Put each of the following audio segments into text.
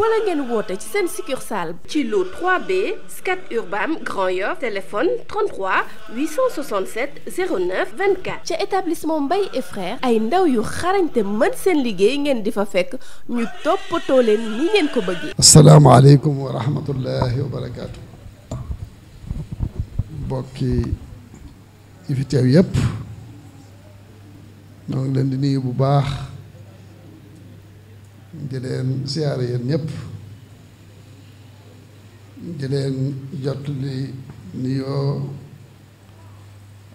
wala ngeen woote ci seen succursale ci lu 3B Scat Urbam Grand Yoff téléphone 33 ca établissement Mbaye et ay ndaw yu xarañte mën seen liggéey ngeen di fa fekk ñu toppatoo leen ni ngeen ko bëggee asalaamaaleykum wa rahmatullahi wa barakaatu mbokki yi fi teew yépp ñoo leen di nuyu bu baax di leen siyaare yéen ñëpp di leen jot li nuyoo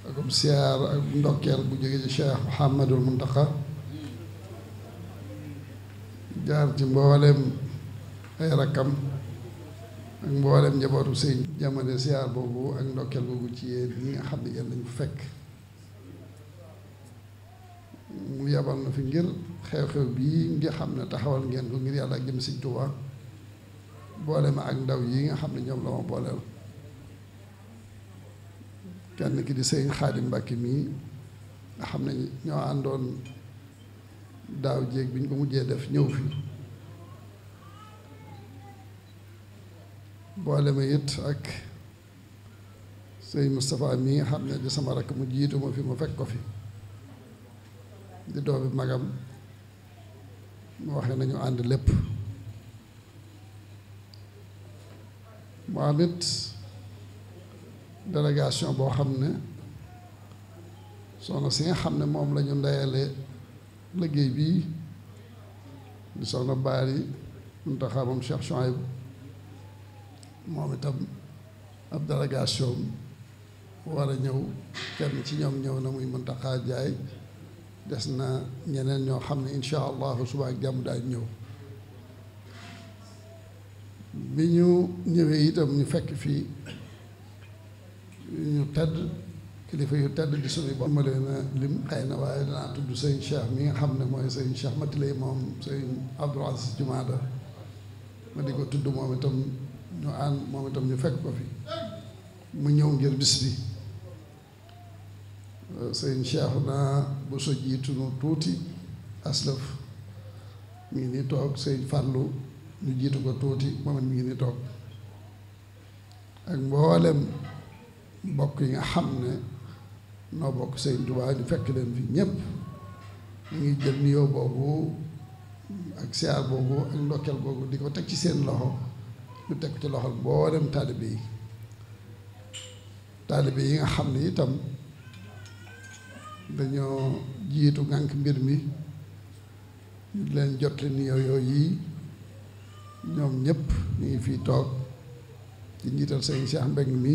akum siyaar ak ndokkeel bu jóge ci Cheikh Mouhamadul Muntaqa jaar ci mboolem ay rakkam ak mboolem njabootu sëñ jamane siyaar boobu ak ndokkeel boobu ci yéen ñi nga xam ne yéen lañu fekk mu yebal na fi ngir xew-xew bii nga xam ne taxawal ngeen ko ngir yàlla jëm Sëñ Tuubaa boole ma ak ndaw yi nga xam ne ñoom la ma booleel kenn ki di sëñ Xaadim Mbàkke mii xam ne ñoo àndoon daaw jéeg bi ñu ko mujjee def ñëw fi boole ma it ak sëñ Moustapha mii nga xam ne di sama rakk mu jiitu ma fi ma fekk ko fi di doomi magam mu wax ne nañu ànd lépp mu am it délégation boo xam ne soxna si nga xam ne moom lañu ñu ndeyale liggéey bii di soxna Bari Muntaxa moom Cheikh Chouaib moom itam ab délégation war a ñëw kenn ci ñoom ñëw na muy Muntaxa Jaay des na ñeneen ñoo xam ne incha allahu suba jàmm daaj ñëw bi ñu ñëwee itam ñu fekk fii ñu tedd kilifa yu tedd di suñu bopp ma leen lim xëy na waaye danaa tudd sëñ Cheikh mi nga xam ne mooy sëñ Cheikh Matilay moom sëñ Abdou Aziz Jumaada ma di ko tudd moom itam ñu ànd moom itam ñu fekk ko fi mu ñëw ngir bis bi sëñ Cheikhouna Bousso jiitu nu tuuti aslëf mi ngi ni toog sëñ Fàllu ñu jiitu ko tuuti moom it mi ngi ni toog ak mboolem mbokk yi nga xam ne noo bokk sëñ Tuubaa ñu fekk leen fi ñépp ñu ngi jël nuyoo boobu ak siyaar boobu ak ndokkeel boobu di ko teg ci seen loxo ñu teg ci loxol mboolem taalibe yi taalibe yi nga xam ne itam dañoo jiitu ngànk mbir mi ñu leen jotle ni yow yooyu yi ñoom ñëpp ñu ngi fii toog ci njiital sëñ Cheikh Mbeng mi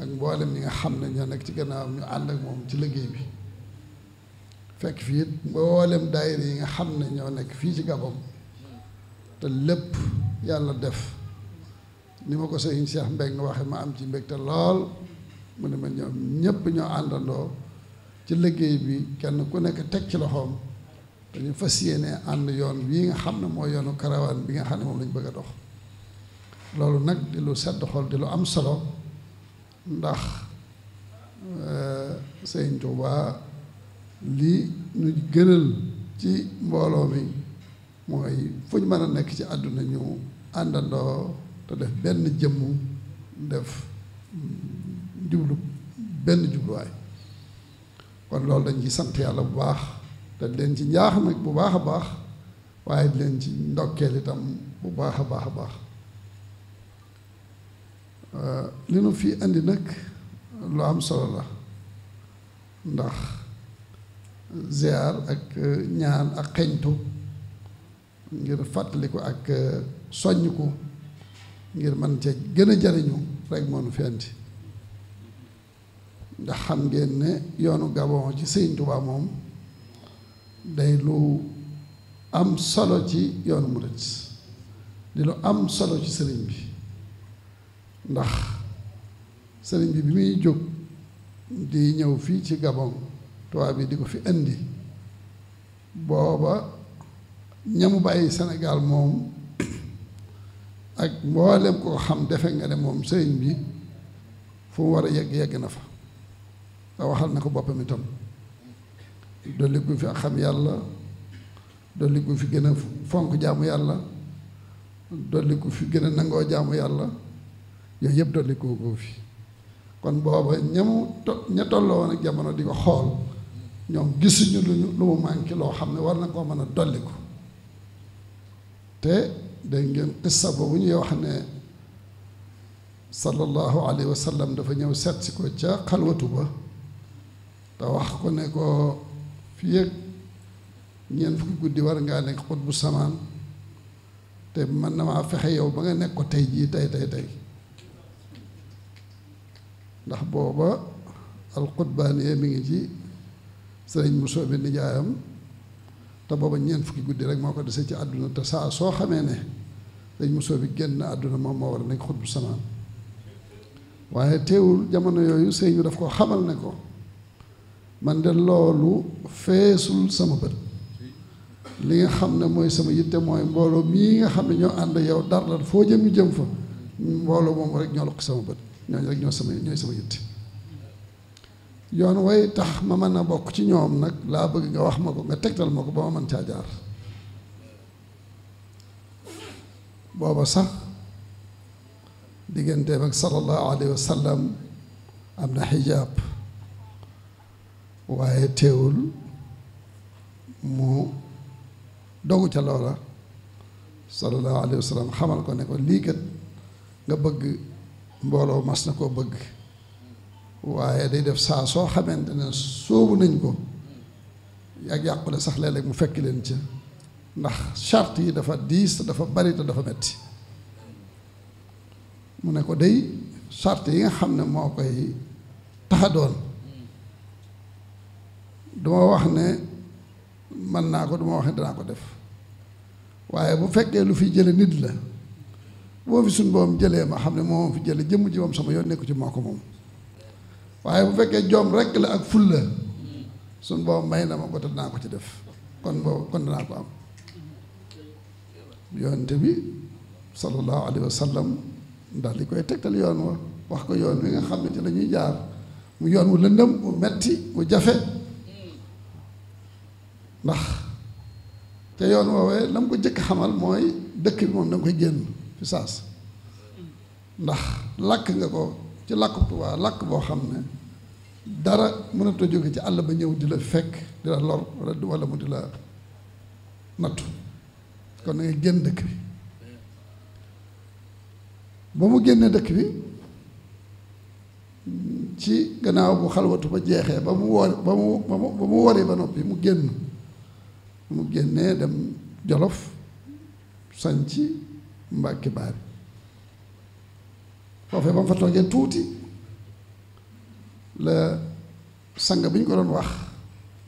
ak mboolem ñi nga xam ne ñoo nekk ci gannaawam ñu ànd ak moom ci liggéey bi fekk fii it mboolem daayira yi nga xam ne ñoo nekk fii ci Gabon te lépp yàlla def ni ma ko sëñ Cheikh Mbeng waxe ma am ci mbégte lool mu ne ma ñoom ñëpp ñoo àndandoo ci liggéey bi kenn ku nekk teg ci loxoom dañu fas yéene ànd yoon wi nga xam ne mooy yoonu karawaan bi nga xam ne moom lañu bëgg a dox loolu nag di lu sedd xol di lu am solo ndax euh, Sëñ Tuubaa lii ñu gënal ci mbooloo mi mooy fu mën a nekk ci àdduna ñu àndandoo te def benn jëmm def mm, jublu benn jubluwaay kon loolu dañ ci sant yàlla bu baax te leen ci njaax nag bu baax a baax waaye di leen ci ndokkeel itam bu baax a baax a baax li nu fi indi nag lu am solo la ndax ziar ak ñaan ak xeñtu ngir fàttaliku ak soññ ko ngir man ca gën a jariñu rek moo nu fi indi ndax xam ngeen ne yoonu Gabon ci Sëñ Tuubaa moom day lu am solo ci yoonu murit di lu am solo ci sëriñ bi ndax sëriñ bi bi muy jóg di ñëw fii ci Gabon tubaab bi di ko fi indi booba ñamu bàyyi Sénégal moom ak mboolem koo xam defe nga ne moom sëriñ bi fu mu war a yegg yegg na fa waxal na ko boppam itam dolli fi ak xam yàlla dolli gu fi gën a fonk jaamu yàlla dolli gu fi gën a nangoo jaamu yàlla yooyu yëpp dolli ko fi kon booba ñamu to ña tolloo woon ak jamono di ko xool ñoom gisuñu lu mu manqué loo xam ne war na koo mën a dolli te dégg ngeen qissa boobu ñuy wax ne sallallahu alayhi wa dafa ñëw seet si ko ca xalwatu ba te wax ko ne ko fii ak ñeent fukki guddi war ngaa nekk xut bu samaan te man na maa fexe yow ba nga nekk ko tey jii tey tey tey ndax booba alxutbaaniya mi ngi ci sëriñ musoo bi nijaayam te booba ñeent fukki guddi rek moo ko dese ci àdduna te saa soo xamee ne sëriñ musoo bi génn àdduna moom moo war a nekk xut bu samaan waaye teewul jamono yooyu sëriñ bi daf ko xamal ne ko man de loolu feesul sama bët li nga xam ne mooy sama yitte mooy mbooloo mii nga xam ne ñoo ànd yow dara foo jëm jëm fa mbooloo moom rek ñoo lokk sama bët ñooñu rek ñoo sama ñooy sama yitte yoon way tax ma mën a bokk ci ñoom nag laa bëgg nga wax ma ko nga tegtal ma ko ba ma mën caa jaar booba sax digganteem ak sallallahu alayhi wa am na xijaab waaye teewul mu dogu ca loola sallallahu alayhi wa sallam xamal ko ne ko lii kat nga bëgg mbooloo mas na koo bëgg waaye day def saa soo xamante ne sóobu nañ ko ak yàqule sax léeg-léeg mu fekk leen ca ndax charte yi dafa diis te dafa bari te dafa metti mu ne ko day charte yi nga xam ne moo koy taxadoon duma wax ne mën naa ko duma wax ne danaa ko def waaye bu fekkee lu fi jële nit la boo fi suñ boom jëlee ma xam ne moom fi jële jëmm ji sama yoon nekku ci moo ko moom waaye bu fekkee joom rekk la ak ful la suñ boom may na ma ko te danaa ko ci def kon boobu kon danaa ko am yoonte bi sallallahu alayhi wa sallam ndax li koy tegtal yoon wa wax ko yoon wi nga xam ne ci la jaar mu yoon wu lëndëm mu metti mu jafe ndax te yoon woowee dam ko jëkk xamal mooy dëkk bi moom da koy génn fi saas ndax làkk nga ko ci làkk Tuubaa làkk boo xam ne dara mënatoo jóge ci àll ba ñëw di la fekk di la lor wala wala mu di la nattu kon da génn dëkk bi ba mu génnee dëkk bi ci gannaaw bu xalwatu ba jeexee ba mu woor ba mu ba mu ba mu waree ba noppi mu génn mu génnee dem Jolof sanci Mbàkke Baari foofee ba mu fa toogee tuuti la sang bi ñu ko doon wax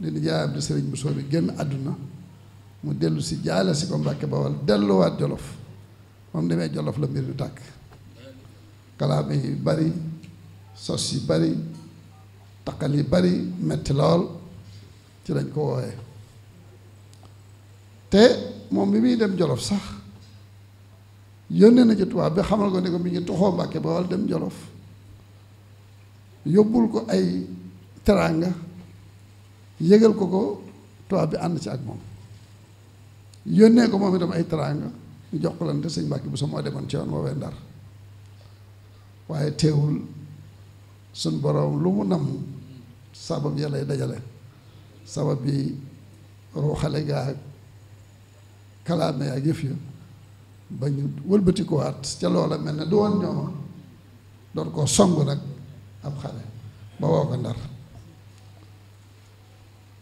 li di jaay Abdu Sëriñ bu soo bi génn àdduna mu dellu si jaale si ko Mbàkke Bawal delluwaat Jolof moom demee Jolof la mbir mi tàkk kalaame yi bari sos yi bari taqal yi bari metti lool ci lañ ko wooyee te moom bi muy dem jolof sax yónnee na ci tubaab bi xamal ko ne ko mi ngi Mbàkke ba wal dem jolof yóbbul ko ay teraanga yëgal ko ko tubaab bi ànd ci ak moom yónnee ko moom itam ay teraanga ñu jox lan te sëñ Mbàkke bi sa moo demoon ci yoon woowee ndar waaye teewul suñ boroom lu mu nam sabab ya lay dajale sabab bi ruuxale gaa kalaame ak yëf ya ba ñu wëlbatikuwaat ca loola mel ne du wan ñooma ah. doon koo song nag ab xale ba woo ko ndar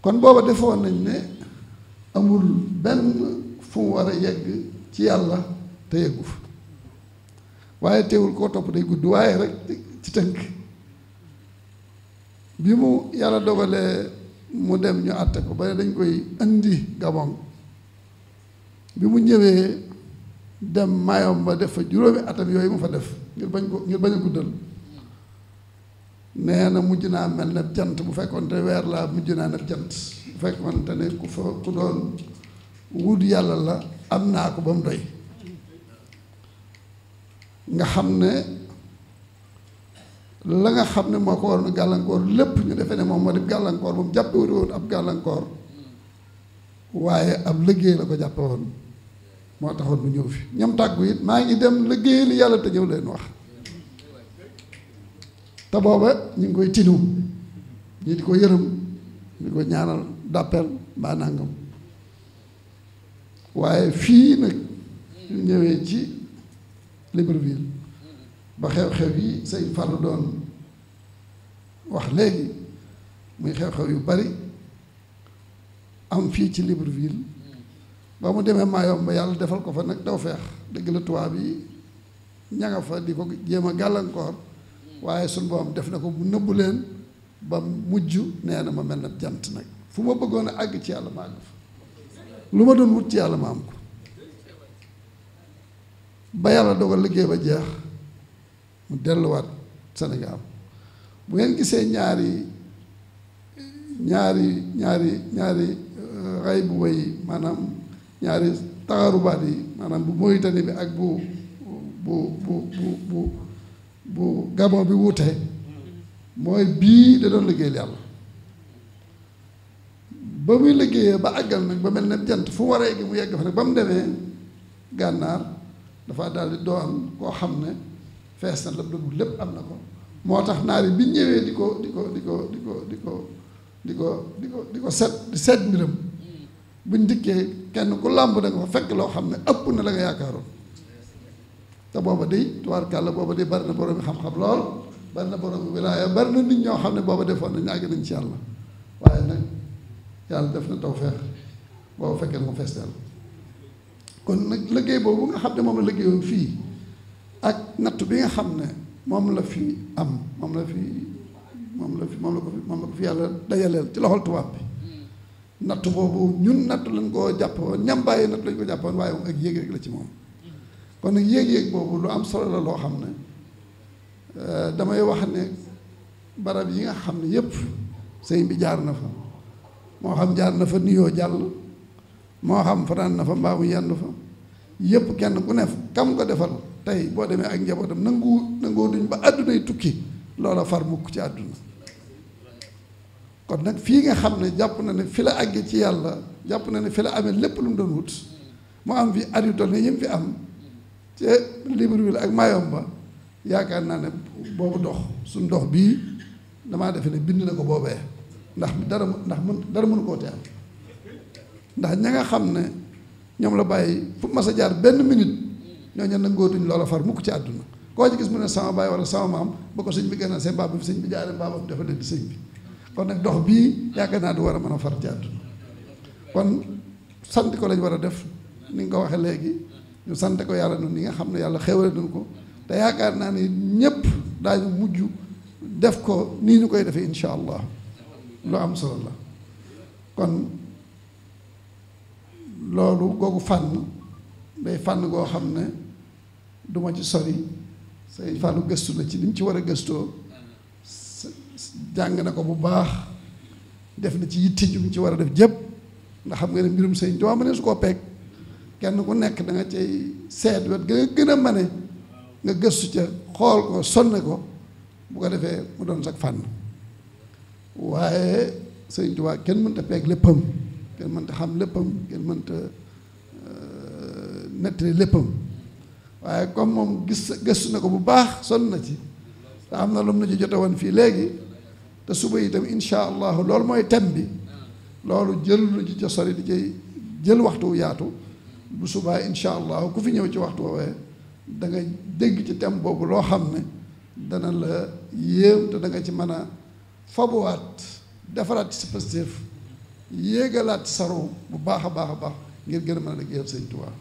kon booba defoon nañ ne amul benn fu mu war a yegg ci yàlla te yeggu fa waaye teewul koo topp day gudd waaye rek ci tënk bi mu yàlla dogalee mu dem ñu àtte ko ba dañ koy indi Gabon bi mu ñëwee dem Mayomba def fa juróomi atam yooyu mu fa def ngir bañ ko ngir bañ a guddal nee na mujj naa mel ne jant bu fekkoon te weer laa mujj naa ne jant bu fekkoon te ne ku fa ku doon wut yàlla la am naa ko ba mu doy nga xam ne la nga xam ne moo ko waroon gàllankoor lépp ñu defee ne moom moo di gàllankoor moom jàppewut woon ab gàllankoor waaye am liggéey la ko jàppaloon moo taxoon mu ñëw fi ñam tàggu it maa ngi dem liggéey li yàlla te ñëw leen wax te booba ñu ngi koy tinu ñi di ko yërëm ñu ko ñaanal dàppel mbaa nangam waaye fii nag ñu ñëwee ci Libreville ba xew-xew yi sëñ Fallou doon wax léegi muy xew-xew yu bari am fii ci Libreville ba mu demee mayom Mayomba yàlla defal ko fa nag daw feex dëgg la tubaab yi ña nga fa di ko jéem a gàllankoor waaye suñ boobam def na ko bu nëbbu leen ba mujj nee ma mel na jant nag fu ma bëggoon àgg ci yàlla ma àgg fa lu ma doon wut ci yàlla ma am ko ba yàlla dogal liggéey ba jeex mu delluwaat senegal mu ngeen gisee ñaari ñaari ñaari ñaari xay bu way maanaam ñaari taxaru yi maanaam bu Mauritanie bi ak bu bu bu bu bu bu Gabon bi wuute mooy bii da doon liggéeyal yàlla ba muy liggéeyee ba àggal nag ba mel ne jant fu mu war yegg mu yegg fa nag ba mu demee gànnaar dafa daldi di doon koo xam ne fees na la dugg lépp am na ko moo tax naar yi bi ñëwee di ko di ko di ko di ko di ko di ko di ko di ko set di seet mbiram buñ dikkee kenn ku làmb danga nga fa fekk loo xam ne ëpp na la nga yaakaaroon te booba day tubaarkàlla booba day bari na borom xam-xam lool bari na borom wilaaya bari na nit ñoo xam ne booba defoon nañu àgg nañ ci yàlla waaye nag def na tawfeex booba fekkee mu fees dell nag liggéey boobu nga xam ne moom la liggéeyoon fii ak natt bi xam ne moom la fi am moom la fi moom la fi moom la ko fi moom la ko fi yàlla dajaleel ci loxol tubaab bi natt boobu ñun natt lañ ko jàppoon ñambaayi natt lañ jàppoon waaye moom ak yéeg rek la ci moom kon nag yéeg-yéeg boobu lu am solo la loo xam ne euh, damay wax ne barab yi nga xam ne yépp sëñ bi jaar na fa moo xam jaar na fa nuyoo jàll moo xam fanaan na fa mbaamu yendu fa yépp kenn ku ne kam ko defal tey boo demee ak njabootam nangu nangoo duñ ba àddunay tukki loola far mukk ci àdduna kon nag fii nga xam ne jàpp na ne fi la àggee ci yàlla jàpp na ne fi la amee lépp lu mu doon wut mu am fi at yu toll fi am ci Libreville ak ba yaakaar naa ne boobu dox suñ dox bii damaa defe ne bind na ko boobee ndax dara ndax mën dara mënu koo teel ndax ña nga xam ne ñoom la bàyyi fu mas a jaar benn minute ñoo ñen na loolu loola far mukk ci àdduna koo ci gis mu ne sama bàyyi wala sama maam ba ko sëñ bi gënal seen baab bi fi sëñ bi jaaree dafa leen sëñ bi kon nag dox bii yaakaar naa du war a mën a far ci àdduna kon sant ko lañ war a def ni nga ko waxee léegi ñu sante ko yàlla noonu ñi nga xam ne yàlla xéwale nañ ko te yaakaar naa ne ñëpp daañu mujj def ko nii ñu koy defee incha allah lu am solo la kon loolu googu fànn day fànn goo xam ne duma ci sol yi say fànnu gëstu na ci li mu ci war a gëstoo jàng na ko bu baax def na ci yitti mu ci war a def jëpp ndax xam nga ne mbirum sëñ Tuubaa ma ne su koo peeg kenn ku nekk danga nga cay seet wet gën nga gën a mane nga gëstu ca xool ko sonne ko bu ko defee mu doon sag fànn waaye sëñ Tuubaa kenn mënta peeg léppam kenn mënta xam léppam kenn mënta euh, nettali léppam waaye comme moom gis gëstu na ko bu baax sonn na ci te am na lu mu na ci jote woon fii léegi te suba itam incha allahu loolu mooy thème bi loolu jël lu ci ca sori di cay jël waxtu yaatu bu subaa incha allahu ku fi ñëw ci waxtu woowee da nga dégg ci thème boobu loo xam ne dana la yéem te da ci mën a fabuwaat defaraat ci sa yéegalaat soro bu baax a baax a baax ngir gën a mën a liggéeyal sëñ Tuubaa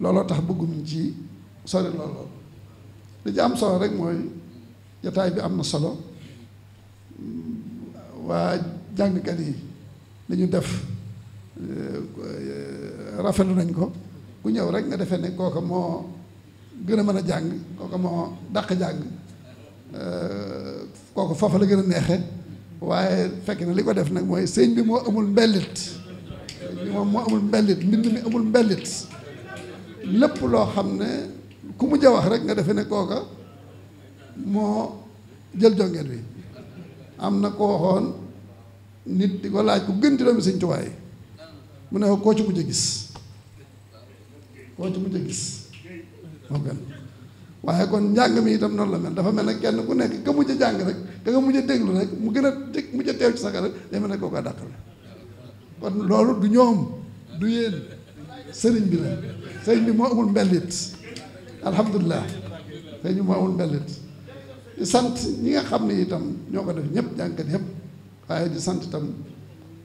looloo tax bëggum ci sori loolu li ci am solo rek mooy jataay bi am na solo waa jàngkat yi li ñu def euh, rafetlu nañ ko ku ñëw rek nga defee ne kooka moo gën a mën a jàng kooka moo dàq jàng euh, kooku foofu la gën a neexe waaye fekk na li ko def nag mooy sëñ bi moo amul mbellit bi moom moo amul mbellit mbind mi amul mbellit lépp loo xam ne ku mu ja rek nga defe ne kooka moo jël jonget bi am na ko waxoon nit di ko laaj ku gën ci doomi Sëñ Tuubaa yi mu ne ko koo ci mujj a gis koo ci mujj a gis moo gën waaye kon njàng mi itam noonu la mel dafa mel ne kenn ku nekk ka mujj a jàng rek ka nga mujj a déglu rek mu gën a mujj a teew ci sa xel rek day mel ne koo ko dàqale kon loolu du ñoom du yéen sëriñ bi la sëriñ bi moo amul mbellit alhamdulilah sëriñ bi moo amul mbellit di sant ñi nga xam ne itam ñoo ko def ñëpp jànkat yëpp waaye di sant itam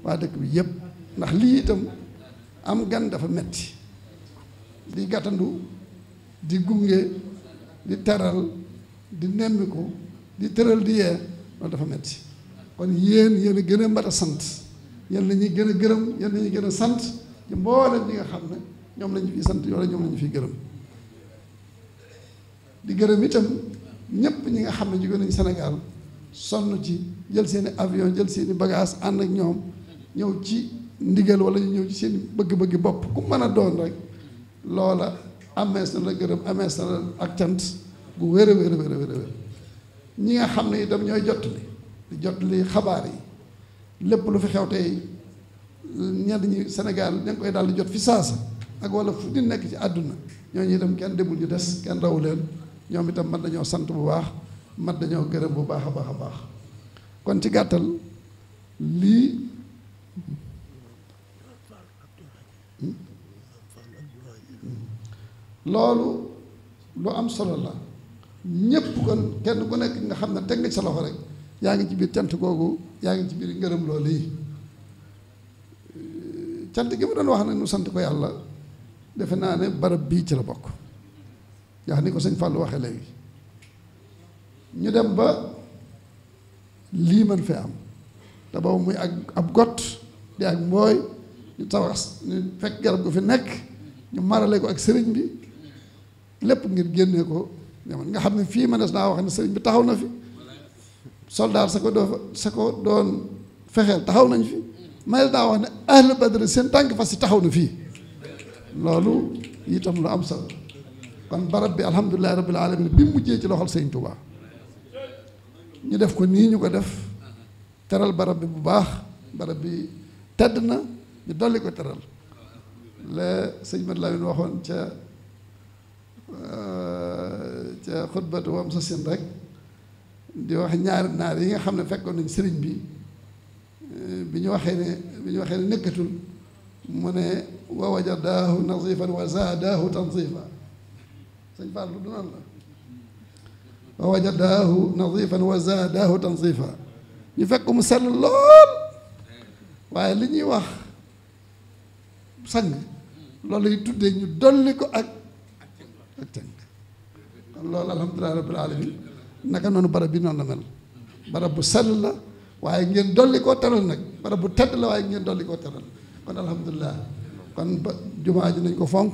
waa dëkk bi yépp ndax lii itam am gan dafa metti di gàttandu di gunge di teral di nemmiku di tëral di yee loolu dafa metti kon yéen yéen gën a mbat sant yéen lañuy gën a gërëm yéen la ñuy gën a sant ci mboolem ñi nga xam ne ñoom lañu ñu sant yoo la ñoom fi gërëm di gërëm itam ñëpp ñi nga xam ne jóge nañ Sénégal sonn ci jël seeni avion jël seeni bagaas ànd ak ñoom ñëw ci ndigal wala ñu ñëw ci seen bëgg-bëggi bopp ku mën a doon rek loola amees na la gërëm amees na la ak cant bu wér a wér ñi nga xam ne itam ñooy jot li jot li xabaar yi lépp lu fi xew tey ñenn ñi Sénégal ña koy daal di jot fi saasa ak wala fu di nekk ci àdduna ñoo ñooñu dem kenn demul ñu des kenn rawu ñoom itam man dañoo sant bu baax mat dañoo gërëm bu baax a baax a baax kon ci gàttal lii loolu lu am solo la ñépp kon kenn ku nekk nga xam ne teg nga ci sa loxo rek yaa ngi ci biir cant googu yaa ngi ci biir ngërëm loolu yi cant gi mu doon wax nag nu sant ko yàlla defe naa ne barab bii ci la bokk yaa ni ko sëñ Fallou waxee léegi ñu dem ba lii man fee am te boobu muy ak ab got di ak mbooy ñu tawax ñu fekk garab gu fi nekk ñu marale ko ak sëriñ bi lépp ngir génnee ko nga xam ne fii ma des naa wax ne sëriñ bi taxaw na fi soldaar sa ko doo sa ko doon fexeel taxaw nañ fi ma daa wax ne ahlu badri seen tànk fas si taxaw na fii loolu yii itam lu am solo kon barab bi alhamdulilahi rabbil alamin bi mujjee ci loxol sëñ Touba ñu def ko nii ñu ko def teral barab bi bu baax barab bi tedd na ñu dolli ko teral la sëñ Mat waxoon ca euh, ca xutbatu wam sa sin rek di wax ñaari naar yi nga xam ne fekkoon nañ sëriñ bi euh, bi ñu waxee ne bi ñu waxee ne nekkatul mu ne wa wajadaahu nazifan wa zaadaahu tanzifa sëñ Fallu du noonu la wa wajadaahu nadifan wa zaadaahu tansifa ñu fekk mu sell lool waaye li ñuy wax sang loolu yi tuddee ñu dolli ko ak ak tënk kon loolu alhamdulilahi rabbil alamin naka noonu barab bi noonu na mel barab bu sell la waaye ngeen dolli koo teral nag barab bu tedd la waaye ngeen dolli koo teral kon alhamdulilah kon ba jumaa ji nañ ko fonk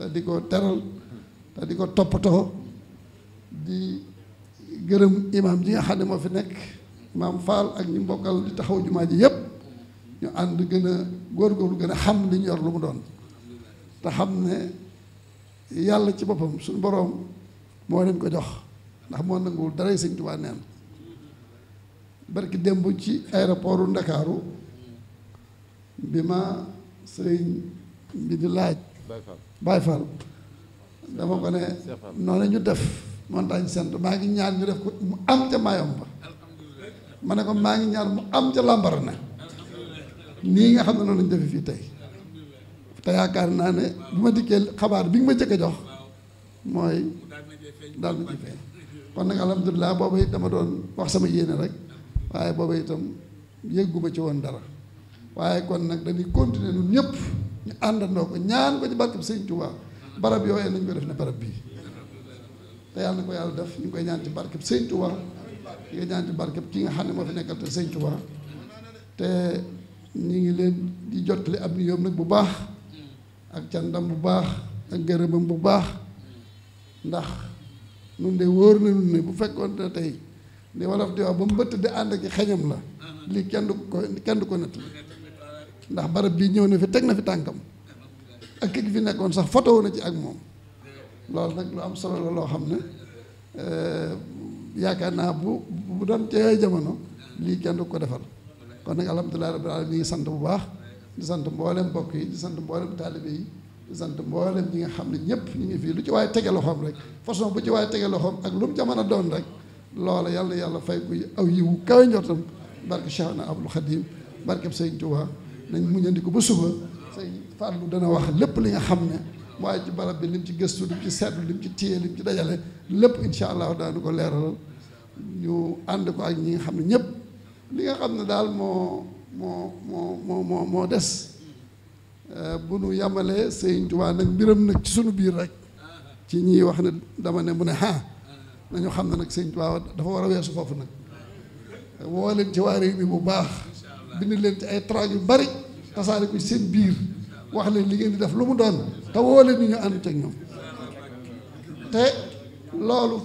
te di ko teral te di ko toppatoo di gërëm imaam ji nga xam ne moo fi nekk imaam Fall ak ñu mbokkal di taxaw jumaa ji yépp ñu ànd gën a góorgóorlu gën a xam li ñu yor lu mu doon te xam ne yàlla ci boppam suñu boroom moo leen ko jox ndax moo nanguwul daray sëñ Tuubaa neen barki démb ci aéroportu Ndakaaru bi ma sëriñ bi di laaj Baay dafa ko ne noonu ñu def montagne sent maa ngi ñaar ñu def ko mu am ca maayom ba ma ne ko maa ngi ñaar mu am ca làmbara na nii nga xam ne noonu lañ defe fii tey te yaakaar naa ne bu ma dikkee xabaar bi nga ma jëkk jox mooy daal na ci feeñ kon nag alhamdulilah booba it dama doon wax sama yéene rek waaye booba itam yëgguma ci woon dara waaye kon nag dañuy continuer ñun ñëpp ñu àndandoo ko ñaan ko ci barkeb Sëñ Tuubaa barab yooyee nañ ko def ne barab bii te yàlla na ko yàlla def ñu ngi koy ñaan ci barkeb sëñ Tuubaa ñu ngi ñaan ci ki nga xam ne moo fi nekkal te sëñ Tuubaa te ñu ngi leen di jottali ab nuyoom nag bu baax ak cantam bu baax ak gërëmam bu baax ndax nun de wóor na nun ne bu fekkoon ne tey li wolof di ba mu bëtt di ànd ak xeñam la li kenn ko kenn du ko natt ndax barab bii ñëw na fi teg na fi tànkam ak ki fi nekkoon sax fotowu na ci ak moom loolu nag lu am solo la loo xam ne eh, yaakaar naa bu bu doon ci yooyu jamono lii kenn ko defal kon nag alhamdulilah rabbil alamin ñu ngi sant bu baax di sant mboolem mbokk yi di sant mboolem taalibe yi di sant mboolem ñi nga xam ne ñëpp ñu ngi fii lu ci waaye tege loxoom rek façon bu ci waaye tege loxoom ak lu mu jamono doon rek loola yàlla yàlla fay ku aw yiwu kawe njortam barke Cheikh na Abdul Xadim barkeb Sëriñ Tuubaa nañ muñandiku ba suba fàllu dana wax lépp li nga xam ne mu aj ci barab bi lim ci gëstu lim ci seetlu lim ci téye lim ci dajale lépp incha allah daanu ko leeralal ñu ànd ko ak ñi nga xam ne ñëpp li nga xam ne daal moo moo moo moo moo des euh, bu nu yamalee Sëriñ Tuubaa nag mbiram nag ci sunu biir rek ci ñiy wax ne dama ne mu ne ah nañu xam ne nag Sëriñ Tuubaa dafa war a weesu foofu nag woo leen ci waa réew mi bu baax bind leen ci ay traag yu bari tasaare ko ci seen biir wax leen li ngeen di def lu mu doon te woo leen ni ñu ànd teg ñoom te loolu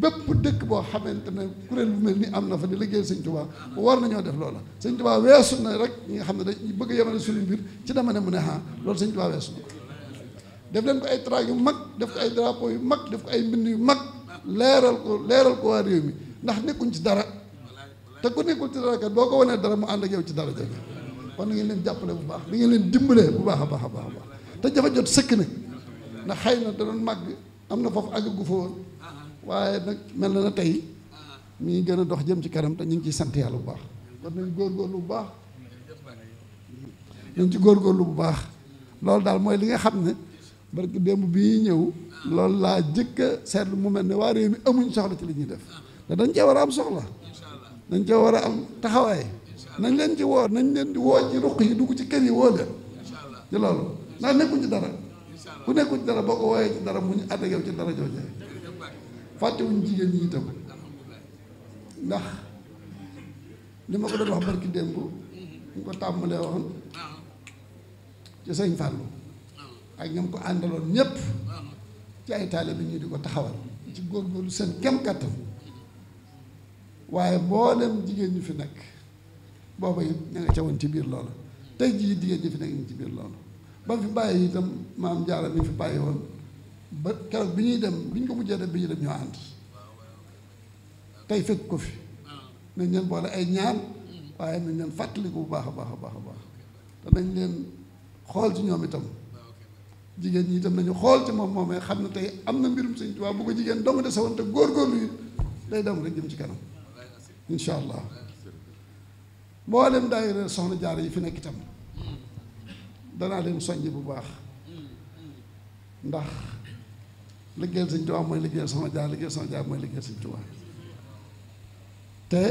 bépp dëkk boo xamante ne kuréel bu mel ni am na fa di liggéey sëñ Tuubaa war na ñoo def loola sëñ Tuubaa weesu na rek ñi nga xam ne dañ bëgg a yemale suñu mbir ci dama ne mu ne ah loolu sañ Tuubaa weesu na ko def leen ko ay traag yu mag def ko ay drapeau yu mag def ko ay mbind yu mag leeral ko leeral ko waa réew mi ndax nekkuñ ci dara te ku nekkul ci dara kat boo ko wanee dara mu ànd yow ci dara kon na ngeen leen jàppale bu baax da ngeen leen dimbalee bu baax a baax a baax a te jafa jot sëkk nag ndax xëy na da doon màgg am na foofu àgg gu fa woon waaye nag mel na na tey mi gën a dox jëm ci kanam te ñu ci ciy sant yàlla bu baax kon nañ góor bu baax nañ ci góorgóorlu bu baax loolu daal mooy li nga xam ne barki démb bii ñëw loolu laa jëkk a seetlu mu mel ne waa réew mi amuñ soxla ci li ñuy def te dañ cee war a am soxla dañ cee war a am taxawaay nañ leen ci woo nañ leen di woo ci ruq yi dugg ci kër yi woo leen ci loolu ndax nekkuñ ci dara ku nekkuñ ci dara boo ko wooyee ci dara mu ñu ànd yow ci dara joojee fàttewuñ jigéen ñi itam ndax li ma ko doon wax barki démb ñu ko tàmbalee woon ci sëñ Fallou ak ñoom ko àndaloon ñépp ci ay taalibe bi ñu di ko taxawal ci góorgóorlu seen kem kàttan mm-hmm. waaye mboolem jigéen ñu fi nekk booba yi ña nga ca ci biir loola tey jii jigéen ñi fi nekk ñu ci biir loolu ba fi bàyyi itam maam jaara mi fi bàyyi woon ba keroog bi ñuy dem bi ñu ko mujjee dem bi ñu dem ñoo ànd tey fekk ko fi nañ leen boole ay ñaan waaye nañ leen fàttaliku bu baax a baax a baax a baax te nañ leen xool ci ñoom itam jigéen ñi itam nañu xool ci moom moomee xam ne tey am na mbirum Sëñ Tuubaa bu ko jigéen dong dese woon te góorgóorlu it day dem rek jëm ci kanam incha allah boo mboolem daayira soxna jaar yi fi nekk itam danaa leen soññ bu baax ndax liggéeyal sëñ Tuubaa mooy liggéeyal soxna jaar liggéeyal soxna jaar mooy liggéeyal sëñ te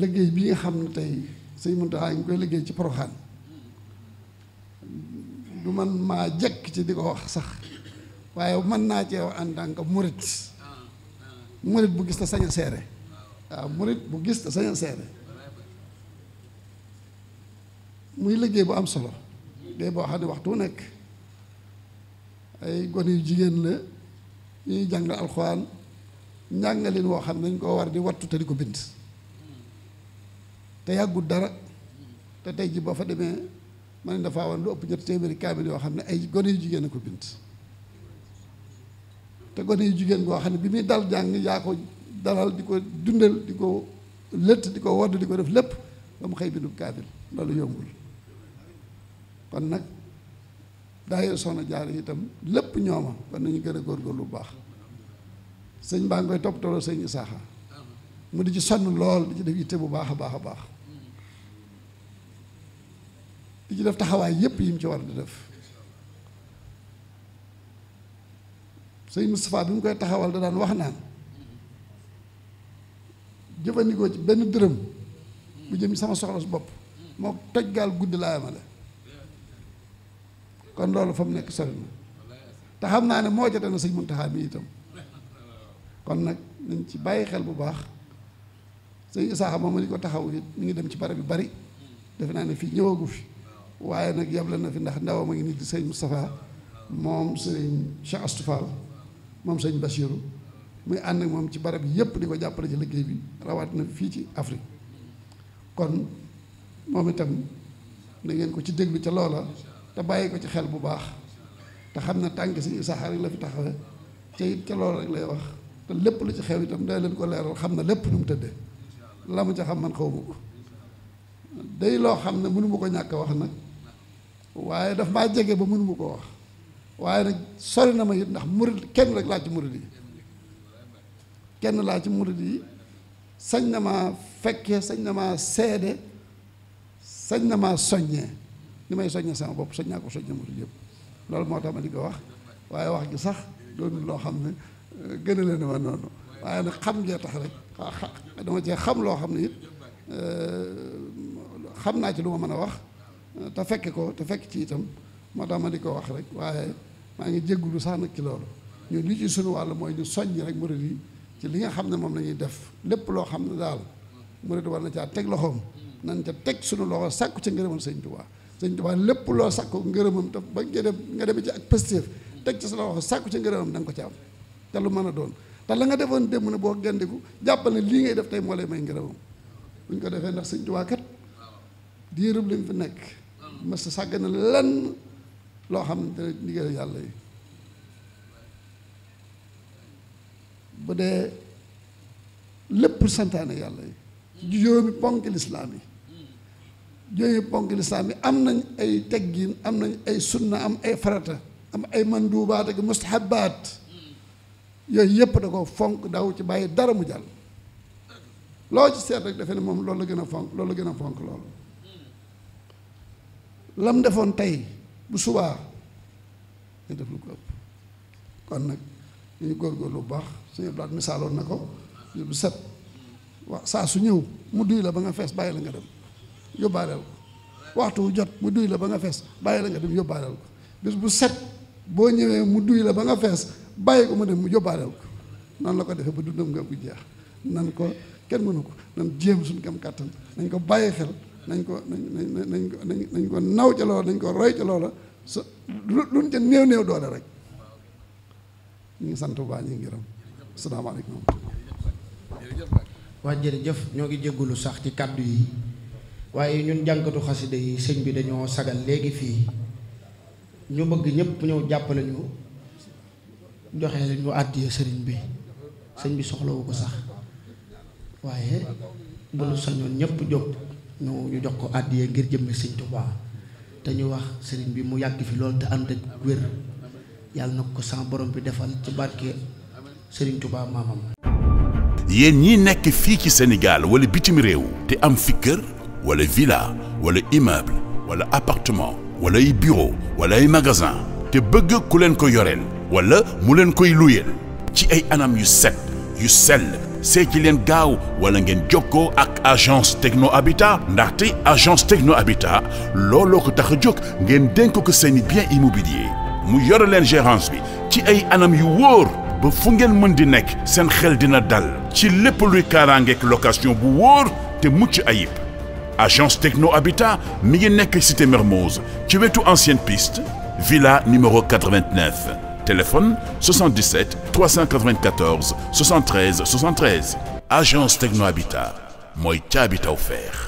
liggéey bi nga xam ne tey sëñ Muntaxa ngi koy liggéey ci Poroxaan du man maa jekk ci di ko wax sax waaye mën naa ceew en tant que ah, ah. murit bu gis te sañ a seere waaw murit bu gis te sañal seere muy liggéey bu am solo dee boo xam ne waxtu nekk ay gone yu jigéen la ñuy jàng alxuraan njàngalin woo xam ne dañ koo war di wattu te di ko bind te yàggul dara te tey ji boo fa demee man ne dafaa woon lu ëpp ñetti téeméeri kaamil yoo xam ne ay gone yu jigéen a ko bind te jigéen goo xam ne bi muy dal jàng yaa ko dalal di ko dundal di ko lëtt di ko wadd di ko def lépp ba mu xëy bindub kaamil loolu yombul kon nag daayira soxna jaar itam lépp ñooma kon nañu gën a góor góorgóorlu bu baax sëñ baa ngi koy toppatoo sëñ Isaaxa mu di ci sonn lool di ci def yitte bu baax a baax a baax li ci def taxawaay yépp yi mu ci war di def sëñ Moustapha bi mu koy taxawal da daan wax naan jëfandikoo ci benn dërëm bu jëm sama soxla su bopp moo toj gaal gudd laa yamale kon loolu fa mu nekk sori na te xam naa ne moo jote na sëñ Muntaxa mi itam kon nag nañ ci bàyyi xel bu baax sëñ Isaaxa moom ma di ko taxaw it mi ngi dem ci barab yu bari defe naa ne fii ñëwagu fi waaye nag yable na fi ndax ndawam a ngi nit di sëñ moom sëñ Cheikh Astou moom sëñ Bachirou muy ànd ak moom ci barab yépp di ko jàppale ci liggéey bi rawat na fii ci Afrique kon moom itam na ngeen ko ci bi ca loola te bàyyi ko ci xel bu baax te xam ne tànk si saxaar rek la fi taxawe ca it ca loola rek lay wax te lépp lu ci xew itam day leen ko leeral xam na lépp nu mu tëddee la mu ca xam man xaw ko day loo xam ne mënu ko ñàkk wax nag waaye dafa maa jege ba mënu ko wax waaye nag sori na ma yit ndax murid kenn rek laa ci murid yi kenn laa ci murid yi sañ na maa fekkee sañ na maa seede sañ na maa soññee li may soññee sama bopp soñ naa ko soññee murid yëpp loolu moo tax ma di ko wax waaye wax ji sax doon loo xam ne euh, gën a leen ma noonu waaye nag xam tax rek ah, dama cee xam loo xam ne it euh, xam naa ci lu mën a wax te fekk ko te fekk ci itam moo tax ma di ko wax rek waaye maa ngi jéggulu sax nag ci loolu ñun li ci sunu wàll mooy ñu soññ rek murid yi ci li nga xam ne moom la ñuy def lépp loo xam ne daal murid war na caa teg loxoom nan ca teg sunu loxo sàkku ca ngërëmam sëñ Tuubaa sëñ Tuubaa lépp loo sàkku ngërëmam te ba nga dem nga demee ci ak positif teg ci sa loxo sàkku ca ngërëmam da ko ci am te lu mën a doon te la nga defoon démb ne boo gendiku jàppal ne lii ngay def tey moo lay may ngërëmam buñ ko defee ndax sëñ Tuubaa kat diirub li mu fi nekk mas sàgg na lenn loo xam ne ndigal yàlla yi bu dee lépp santaane yàlla yi juróomi ponk lislaam yi juróomi ponk lislaam yi am nañ ay teggin am nañ ay sunna am ay farata am ay mandubaat ak mustahabaat yooyu yëpp da ko fonk daw ci bàyyi dara mu jàll loo ci seet rek defe ne moom loolu la gën a fonk loolu la gën a fonk loolu lam defoon tey bu subaa ko kon nag ñu góorgóorlu lu baax suñu blaat misaaloon na ko bu set waaw saa su ñëw mu duy la ba nga fees bàyyi la nga dem yóbbaaleel ko waxtu wu jot duy la ba bàyyi la nga ko bis bu set boo ñëwee mu duy la ba nga fees bàyyi ko mu dem mu yóbbaaleel ko nan la ko defee ba dundam nga bu jeex nan ko kenn mënu ko nan jéem suñ kam kàttan nañ ko bàyyi xel nañ ko nañ nañ nañ ko ko naw ca loola nañ ko roy ca loola sa lu ca néew néew doole rek ñu sant bu baax ñu ngi gërëm asalaamaaleykum wa rahmatulah. jërëjëf ñoo ngi jéggulu sax ci kàddu yi waaye ñun jànkatu xasida yi sëñ bi dañoo sagal léegi fii ñu bëgg ñëpp ñëw jàppale ñu joxe ñu àddiya sëriñ bi sëñ bi soxlawu ko sax waaye bu nu sañoon ñëpp jóg ñu jox ko àddiya ngir jëmmi sëñ Tuubaa te ñu wax sëriñ bi mu yàgg fi loolu te ànd ak wér yàlla na ko sama borom bi defal ci barke Serigne Touba nekk fii ci Sénégal wala bitim réew te am fi kër wala villa wala immeuble wala appartement wala ay bureau wala ay magasin te bëgg ku leen ko yoreel wala mu leen koy luyeel ci ay anam yu set yu sel see leen gaaw wala ngeen jokkoo ak agence techno habitat ndaxte agence techno habitat looloo ko tax a jóg ngeen dénk ko seeni bien immobilier mu yore leen gérance bi ci ay anam yu wóor ba fu ngeen mën di nekk seen xel dina dal ci lépp luy kaaraangeek location bu wóor te mucc ayib agence techno habitat mi ngi nekk cité Mermoz ci wetu ancienne piste villa numéro 89 téléphone 77 394 73 73 agence techno habitat mooy ca habitat offert